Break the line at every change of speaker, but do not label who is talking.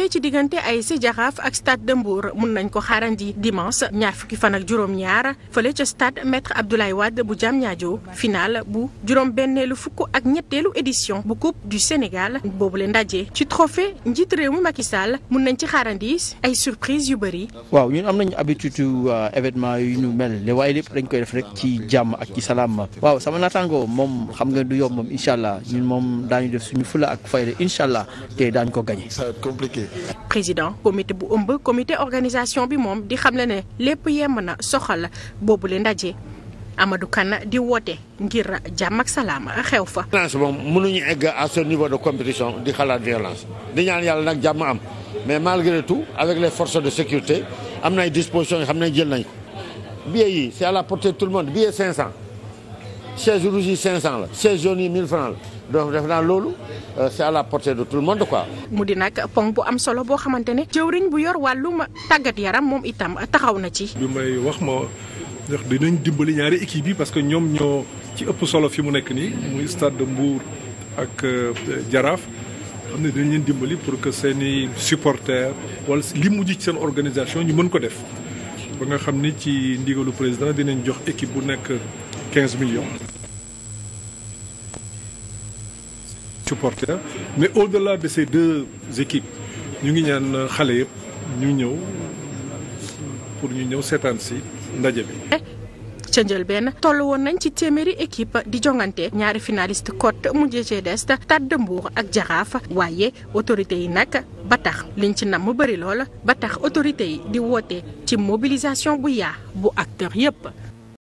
jàppee ci diggante ASC Jaraaf ak stade de Mbour mun nañ ko xaarandi dimanche ñaar fukki fan ak juróom-ñaar fële ca stade maître Abdoulaye Wade bu Diamniadio final bu juróom-benneelu fukk ak ñetteelu édition bu coupe du Sénégal boobule ndaje ci trophée njiit réew mu Macky Sall mun nañ ci xaarandi ay surprise yu bëri.
waaw ñun am nañu habitude euh, événement yu ñu mel ne waaye lépp dañ koy def rek ci jàmm ak ci salaam waaw sama nataangoo moom xam nga du yomb moom incha allah moom daañu def suñu fula ak fayda incha ko
président comité bu ëmb comité organisation bi moom di xamle ne lépp yemb na soxal la boobu le ndaje Amadou Kane di woote ngir jàmm ak a xew
fa. violence moom mënuñu egg à ce niveau de compétition di xalaat violence di ñaan yàlla nag jàmm am mais malgré tout avec les forces de sécurité am na ay dispositions xam ne jël nañ ko billets yi c'est à la portée de tout le monde billet 500. chaise rouge yi 500 la chaise jaune yi 1000 francs la donc def naa loolu euh, c'est à la portée de tout le monde quoi.
mu di nag ponk bu am solo boo xamante ne. jëwriñ bu yor ma tàggat yaram moom itam taxaw na ci.
li may wax ma
ndax dinañ dimbali ñaari équipe yi parce que ñoom ñoo ci ëpp solo fi mu nekk nii muy stade de Mbour ak euh, Jaraaf. xam ne dañ leen dimbali pour que seen i supporters wala li mujj ci seen organisation ñu mën ko def ba nga xam ni ci ndigalu président dinañ jox équipe bu nekk. quinze millions supporters mais au-delà de ces deux équipes ñu ngi ñaan xale yëpp ñu ñëw pour ñu ñëw seetaan si ndaje bi
ca njëlbeen toll woon nañ ci téeméeri équipe di jongante ñaari finaliste cote mujjee cee des Stade Mbour ak Jaraaf waaye autorité yi nag ba tax liñ ci namm bëri lool ba tax autorité yi di woote ci mobilisation bu yaa bu acteur yëpp